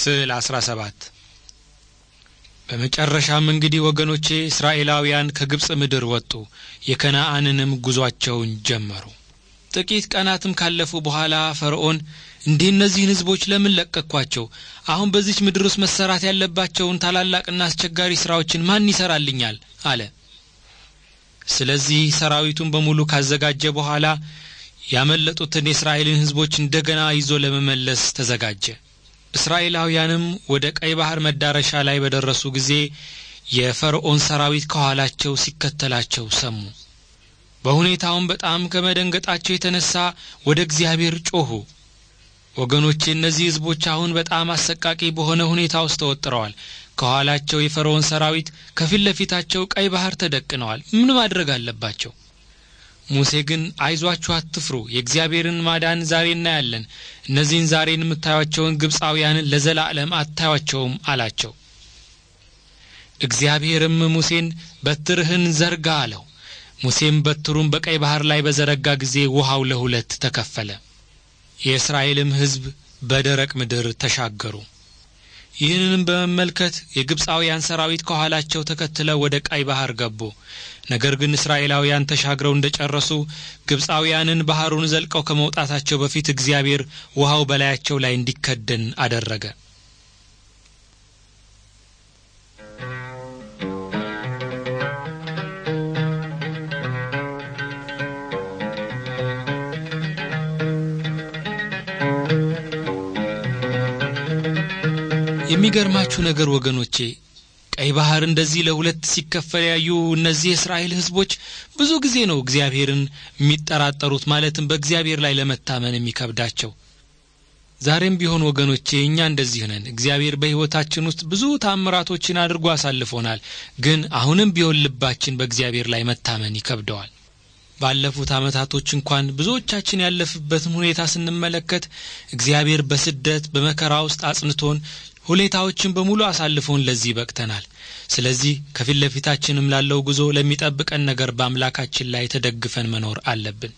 ስዕል 17 በመጨረሻም እንግዲህ ወገኖቼ እስራኤላውያን ከግብፅ ምድር ወጡ፣ የከነአንንም ጉዟቸውን ጀመሩ። ጥቂት ቀናትም ካለፉ በኋላ ፈርዖን እንዲህ እነዚህን ሕዝቦች ለምን ለቀቅኳቸው? አሁን በዚች ምድር ውስጥ መሰራት ያለባቸውን ታላላቅና አስቸጋሪ ሥራዎችን ማን ይሠራልኛል? አለ። ስለዚህ ሰራዊቱን በሙሉ ካዘጋጀ በኋላ ያመለጡትን የእስራኤልን ሕዝቦች እንደገና ይዞ ለመመለስ ተዘጋጀ። እስራኤላውያንም ወደ ቀይ ባህር መዳረሻ ላይ በደረሱ ጊዜ የፈርዖን ሰራዊት ከኋላቸው ሲከተላቸው ሰሙ። በሁኔታውም በጣም ከመደንገጣቸው የተነሳ ወደ እግዚአብሔር ጮኹ። ወገኖቼ እነዚህ ሕዝቦች አሁን በጣም አሰቃቂ በሆነ ሁኔታ ውስጥ ተወጥረዋል። ከኋላቸው የፈርዖን ሰራዊት፣ ከፊት ለፊታቸው ቀይ ባህር ተደቅነዋል። ምን ማድረግ አለባቸው? ሙሴ ግን አይዟችሁ አትፍሩ፣ የእግዚአብሔርን ማዳን ዛሬ እናያለን፣ እነዚህን ዛሬን የምታዩቸውን ግብፃውያንን ለዘላለም አታዩቸውም አላቸው። እግዚአብሔርም ሙሴን በትርህን ዘርጋ አለው። ሙሴም በትሩን በቀይ ባህር ላይ በዘረጋ ጊዜ ውሃው ለሁለት ተከፈለ። የእስራኤልም ሕዝብ በደረቅ ምድር ተሻገሩ። ይህንንም በመመልከት የግብፃውያን ሰራዊት ከኋላቸው ተከትለው ወደ ቀይ ባህር ገቡ። ነገር ግን እስራኤላውያን ተሻግረው እንደጨረሱ ግብፃውያንን ባህሩን ዘልቀው ከመውጣታቸው በፊት እግዚአብሔር ውሃው በላያቸው ላይ እንዲከደን አደረገ። የሚገርማችሁ ነገር ወገኖቼ ቀይ ባህር እንደዚህ ለሁለት ሲከፈል ያዩ እነዚህ የእስራኤል ህዝቦች ብዙ ጊዜ ነው እግዚአብሔርን የሚጠራጠሩት ማለትም በእግዚአብሔር ላይ ለመታመን የሚከብዳቸው ዛሬም ቢሆን ወገኖቼ እኛ እንደዚህ ነን እግዚአብሔር በሕይወታችን ውስጥ ብዙ ታምራቶችን አድርጎ አሳልፎናል ግን አሁንም ቢሆን ልባችን በእግዚአብሔር ላይ መታመን ይከብደዋል ባለፉት አመታቶች እንኳን ብዙዎቻችን ያለፍበትን ሁኔታ ስንመለከት እግዚአብሔር በስደት በመከራ ውስጥ አጽንቶን ሁኔታዎችን በሙሉ አሳልፎን ለዚህ ይበቅተናል። ስለዚህ ከፊት ለፊታችንም ላለው ጉዞ ለሚጠብቀን ነገር በአምላካችን ላይ ተደግፈን መኖር አለብን።